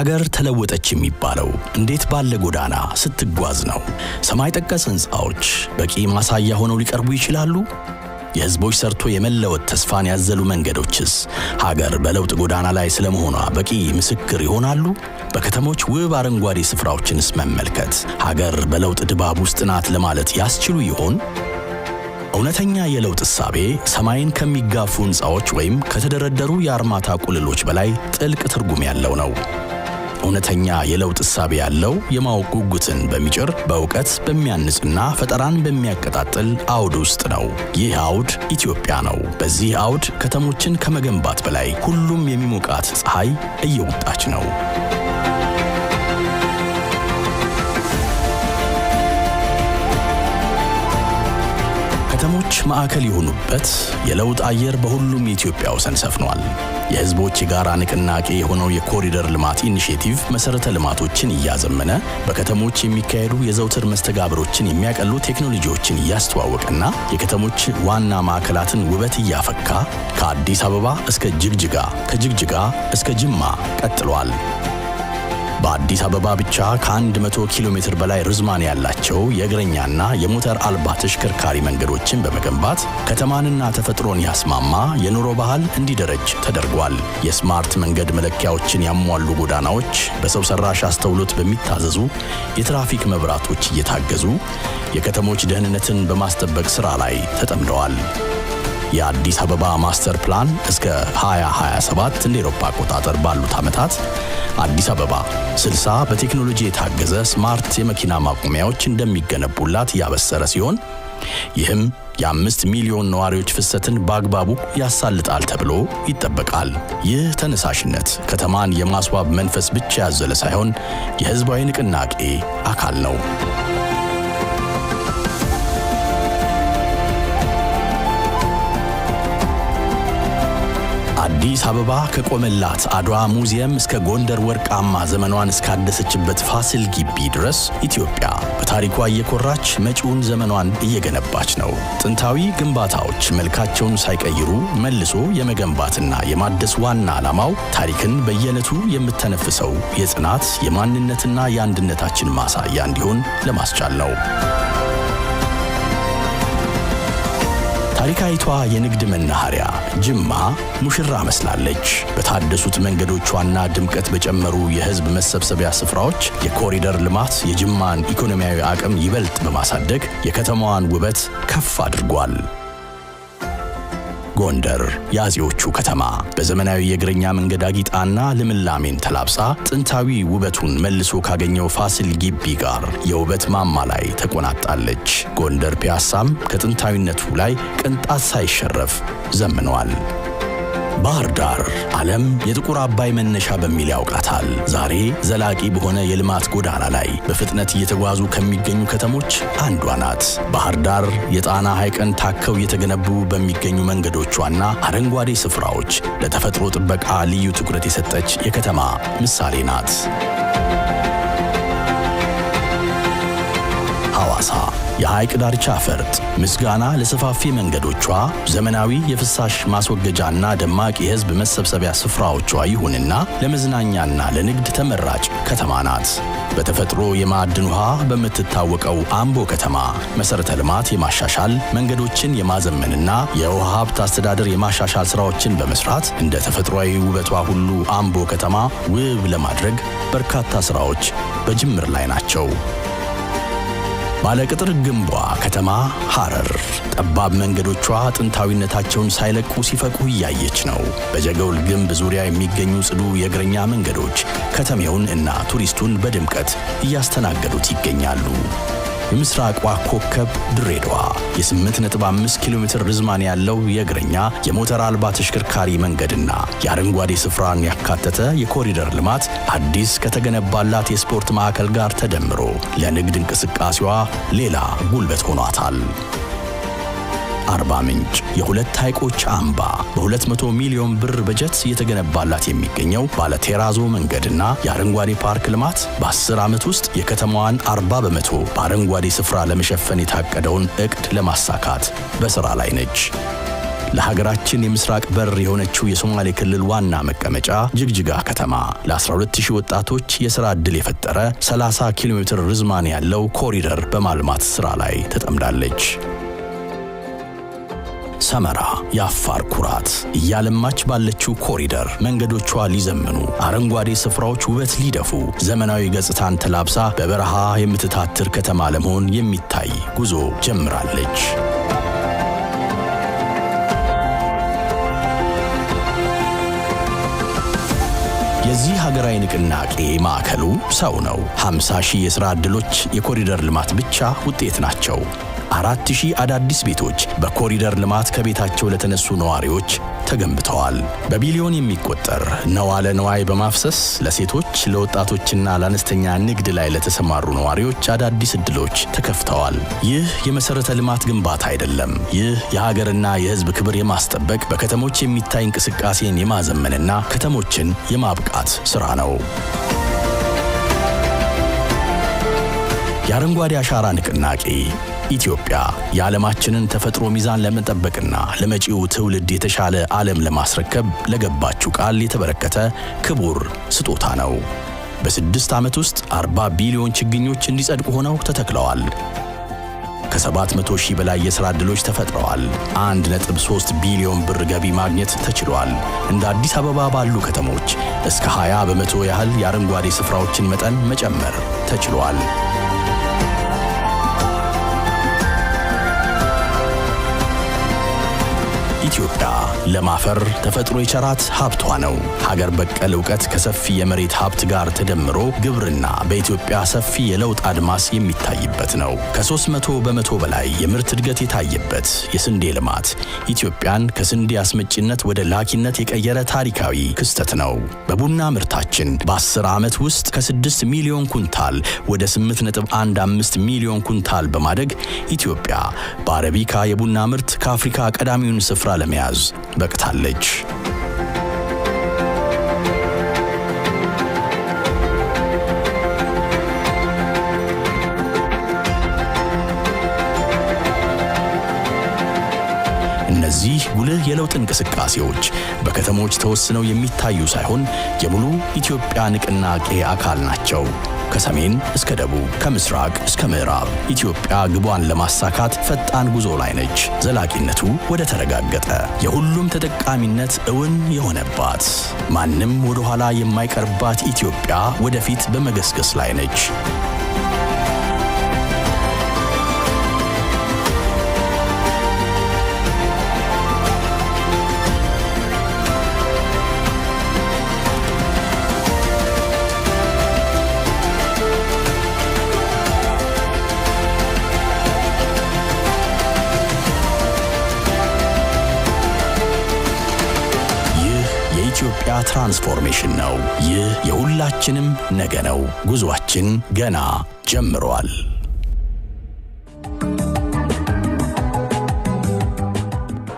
ሀገር ተለወጠች የሚባለው እንዴት ባለ ጎዳና ስትጓዝ ነው? ሰማይ ጠቀስ ሕንፃዎች በቂ ማሳያ ሆነው ሊቀርቡ ይችላሉ? የሕዝቦች ሰርቶ የመለወጥ ተስፋን ያዘሉ መንገዶችስ ሀገር በለውጥ ጎዳና ላይ ስለመሆኗ በቂ ምስክር ይሆናሉ? በከተሞች ውብ አረንጓዴ ስፍራዎችንስ መመልከት ሀገር በለውጥ ድባብ ውስጥ ናት ለማለት ያስችሉ ይሆን? እውነተኛ የለውጥ እሳቤ ሰማይን ከሚጋፉ ሕንፃዎች ወይም ከተደረደሩ የአርማታ ቁልሎች በላይ ጥልቅ ትርጉም ያለው ነው። እውነተኛ የለውጥ እሳቤ ያለው የማወቅ ጉጉትን በሚጭር በእውቀት በሚያንጽና ፈጠራን በሚያቀጣጥል አውድ ውስጥ ነው። ይህ አውድ ኢትዮጵያ ነው። በዚህ አውድ ከተሞችን ከመገንባት በላይ ሁሉም የሚሞቃት ፀሐይ እየወጣች ነው። የለውጦች ማዕከል የሆኑበት የለውጥ አየር በሁሉም የኢትዮጵያ ወሰን ሰፍኗል። የህዝቦች የጋራ ንቅናቄ የሆነው የኮሪደር ልማት ኢኒሽቲቭ መሰረተ ልማቶችን እያዘመነ በከተሞች የሚካሄዱ የዘውትር መስተጋብሮችን የሚያቀሉ ቴክኖሎጂዎችን እያስተዋወቀና የከተሞች ዋና ማዕከላትን ውበት እያፈካ ከአዲስ አበባ እስከ ጅግጅጋ ከጅግጅጋ እስከ ጅማ ቀጥሏል። በአዲስ አበባ ብቻ ከ100 ኪሎ ሜትር በላይ ርዝማን ያላቸው የእግረኛና የሞተር አልባ ተሽከርካሪ መንገዶችን በመገንባት ከተማንና ተፈጥሮን ያስማማ የኑሮ ባህል እንዲደረጅ ተደርጓል። የስማርት መንገድ መለኪያዎችን ያሟሉ ጎዳናዎች በሰው ሰራሽ አስተውሎት በሚታዘዙ የትራፊክ መብራቶች እየታገዙ የከተሞች ደህንነትን በማስጠበቅ ሥራ ላይ ተጠምደዋል። የአዲስ አበባ ማስተር ፕላን እስከ 2027 እንደ ኤሮፓ አቆጣጠር ባሉት ዓመታት አዲስ አበባ 60 በቴክኖሎጂ የታገዘ ስማርት የመኪና ማቆሚያዎች እንደሚገነቡላት ያበሰረ ሲሆን ይህም የአምስት ሚሊዮን ነዋሪዎች ፍሰትን በአግባቡ ያሳልጣል ተብሎ ይጠበቃል። ይህ ተነሳሽነት ከተማን የማስዋብ መንፈስ ብቻ ያዘለ ሳይሆን የሕዝባዊ ንቅናቄ አካል ነው። አዲስ አበባ ከቆመላት አድዋ ሙዚየም እስከ ጎንደር ወርቃማ ዘመኗን እስካደሰችበት ፋሲል ግቢ ድረስ ኢትዮጵያ በታሪኳ እየኮራች መጪውን ዘመኗን እየገነባች ነው። ጥንታዊ ግንባታዎች መልካቸውን ሳይቀይሩ መልሶ የመገንባትና የማደስ ዋና ዓላማው ታሪክን በየዕለቱ የምተነፍሰው የጽናት የማንነትና የአንድነታችን ማሳያ እንዲሆን ለማስቻል ነው። ታሪካዊቷ የንግድ መናኸሪያ ጅማ ሙሽራ መስላለች። በታደሱት መንገዶቿና ድምቀት በጨመሩ የህዝብ መሰብሰቢያ ስፍራዎች የኮሪደር ልማት የጅማን ኢኮኖሚያዊ አቅም ይበልጥ በማሳደግ የከተማዋን ውበት ከፍ አድርጓል። ጎንደር የአጼዎቹ ከተማ በዘመናዊ የእግረኛ መንገድ አጊጣና ልምላሜን ተላብሳ ጥንታዊ ውበቱን መልሶ ካገኘው ፋሲል ግቢ ጋር የውበት ማማ ላይ ተቆናጣለች። ጎንደር ፒያሳም ከጥንታዊነቱ ላይ ቅንጣት ሳይሸረፍ ዘምኗል። ባህር ዳር ዓለም የጥቁር አባይ መነሻ በሚል ያውቃታል። ዛሬ ዘላቂ በሆነ የልማት ጎዳና ላይ በፍጥነት እየተጓዙ ከሚገኙ ከተሞች አንዷ ናት። ባህር ዳር የጣና ሐይቅን ታከው እየተገነቡ በሚገኙ መንገዶቿና አረንጓዴ ስፍራዎች ለተፈጥሮ ጥበቃ ልዩ ትኩረት የሰጠች የከተማ ምሳሌ ናት። ሐዋሳ የሐይቅ ዳርቻ ፈርጥ ምስጋና ለሰፋፊ መንገዶቿ፣ ዘመናዊ የፍሳሽ ማስወገጃና ደማቅ የህዝብ መሰብሰቢያ ስፍራዎቿ ይሁንና ለመዝናኛና ለንግድ ተመራጭ ከተማ ናት። በተፈጥሮ የማዕድን ውሃ በምትታወቀው አምቦ ከተማ መሠረተ ልማት የማሻሻል መንገዶችን የማዘመንና የውሃ ሀብት አስተዳደር የማሻሻል ሥራዎችን በመስራት እንደ ተፈጥሯዊ ውበቷ ሁሉ አምቦ ከተማ ውብ ለማድረግ በርካታ ሥራዎች በጅምር ላይ ናቸው። ባለቅጥር ግንቧ ከተማ ሐረር ጠባብ መንገዶቿ ጥንታዊነታቸውን ሳይለቁ ሲፈቁ እያየች ነው። በጀገውል ግንብ ዙሪያ የሚገኙ ጽዱ የእግረኛ መንገዶች ከተሜውን እና ቱሪስቱን በድምቀት እያስተናገዱት ይገኛሉ። በምስራቋ ኮከብ ድሬዳዋ የ8.5 ኪሎ ሜትር ርዝማን ያለው የእግረኛ የሞተር አልባ ተሽከርካሪ መንገድና የአረንጓዴ ስፍራን ያካተተ የኮሪደር ልማት አዲስ ከተገነባላት የስፖርት ማዕከል ጋር ተደምሮ ለንግድ እንቅስቃሴዋ ሌላ ጉልበት ሆኗታል። አርባ ምንጭ የሁለት ሐይቆች አምባ በ200 ሚሊዮን ብር በጀት እየተገነባላት የሚገኘው ባለቴራዞ መንገድና የአረንጓዴ ፓርክ ልማት በ10 ዓመት ውስጥ የከተማዋን 40 በመቶ በአረንጓዴ ስፍራ ለመሸፈን የታቀደውን እቅድ ለማሳካት በሥራ ላይ ነች። ለሀገራችን የምስራቅ በር የሆነችው የሶማሌ ክልል ዋና መቀመጫ ጅግጅጋ ከተማ ለ12000 ወጣቶች የሥራ ዕድል የፈጠረ 30 ኪሎ ሜትር ርዝማን ያለው ኮሪደር በማልማት ሥራ ላይ ተጠምዳለች። ሰመራ የአፋር ኩራት እያለማች ባለችው ኮሪደር መንገዶቿ ሊዘምኑ፣ አረንጓዴ ስፍራዎች ውበት ሊደፉ፣ ዘመናዊ ገጽታን ተላብሳ በበረሃ የምትታትር ከተማ ለመሆን የሚታይ ጉዞ ጀምራለች። የዚህ ሀገራዊ ንቅናቄ ማዕከሉ ሰው ነው። 50 ሺህ የሥራ ዕድሎች የኮሪደር ልማት ብቻ ውጤት ናቸው። አራት ሺህ አዳዲስ ቤቶች በኮሪደር ልማት ከቤታቸው ለተነሱ ነዋሪዎች ተገንብተዋል። በቢሊዮን የሚቆጠር ነዋለ ነዋይ በማፍሰስ ለሴቶች ለወጣቶችና ለአነስተኛ ንግድ ላይ ለተሰማሩ ነዋሪዎች አዳዲስ እድሎች ተከፍተዋል። ይህ የመሠረተ ልማት ግንባታ አይደለም። ይህ የሀገርና የሕዝብ ክብር የማስጠበቅ በከተሞች የሚታይ እንቅስቃሴን የማዘመንና ከተሞችን የማብቃት ሥራ ነው። የአረንጓዴ አሻራ ንቅናቄ ኢትዮጵያ የዓለማችንን ተፈጥሮ ሚዛን ለመጠበቅና ለመጪው ትውልድ የተሻለ ዓለም ለማስረከብ ለገባችው ቃል የተበረከተ ክቡር ስጦታ ነው። በስድስት ዓመት ውስጥ 40 ቢሊዮን ችግኞች እንዲጸድቁ ሆነው ተተክለዋል። ከ700 ሺህ በላይ የሥራ ዕድሎች ተፈጥረዋል። 1.3 ቢሊዮን ብር ገቢ ማግኘት ተችሏል። እንደ አዲስ አበባ ባሉ ከተሞች እስከ 20 በመቶ ያህል የአረንጓዴ ስፍራዎችን መጠን መጨመር ተችሏል። কিছুটা ለማፈር ተፈጥሮ የቸራት ሀብቷ ነው። ሀገር በቀል እውቀት ከሰፊ የመሬት ሀብት ጋር ተደምሮ ግብርና በኢትዮጵያ ሰፊ የለውጥ አድማስ የሚታይበት ነው። ከ300 በመቶ በላይ የምርት እድገት የታየበት የስንዴ ልማት ኢትዮጵያን ከስንዴ አስመጭነት ወደ ላኪነት የቀየረ ታሪካዊ ክስተት ነው። በቡና ምርታችን በ10 ዓመት ውስጥ ከ6 ሚሊዮን ኩንታል ወደ 8.15 ሚሊዮን ኩንታል በማደግ ኢትዮጵያ በአረቢካ የቡና ምርት ከአፍሪካ ቀዳሚውን ስፍራ ለመያዝ በቅታለች። እነዚህ ጉልህ የለውጥ እንቅስቃሴዎች በከተሞች ተወስነው የሚታዩ ሳይሆን የሙሉ ኢትዮጵያ ንቅናቄ አካል ናቸው። ከሰሜን እስከ ደቡብ ከምስራቅ እስከ ምዕራብ ኢትዮጵያ ግቧን ለማሳካት ፈጣን ጉዞ ላይ ነች። ዘላቂነቱ ወደ ተረጋገጠ የሁሉም ተጠቃሚነት እውን የሆነባት ማንም ወደኋላ የማይቀርባት ኢትዮጵያ ወደፊት በመገስገስ ላይ ነች። ትራንስፎርሜሽን ነው። ይህ የሁላችንም ነገ ነው። ጉዞአችን ገና ጀምሯል።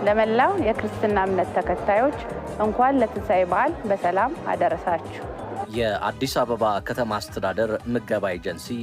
ለመላው የክርስትና እምነት ተከታዮች እንኳን ለትንሣኤ በዓል በሰላም አደረሳችሁ። የአዲስ አበባ ከተማ አስተዳደር ምገባ ኤጀንሲ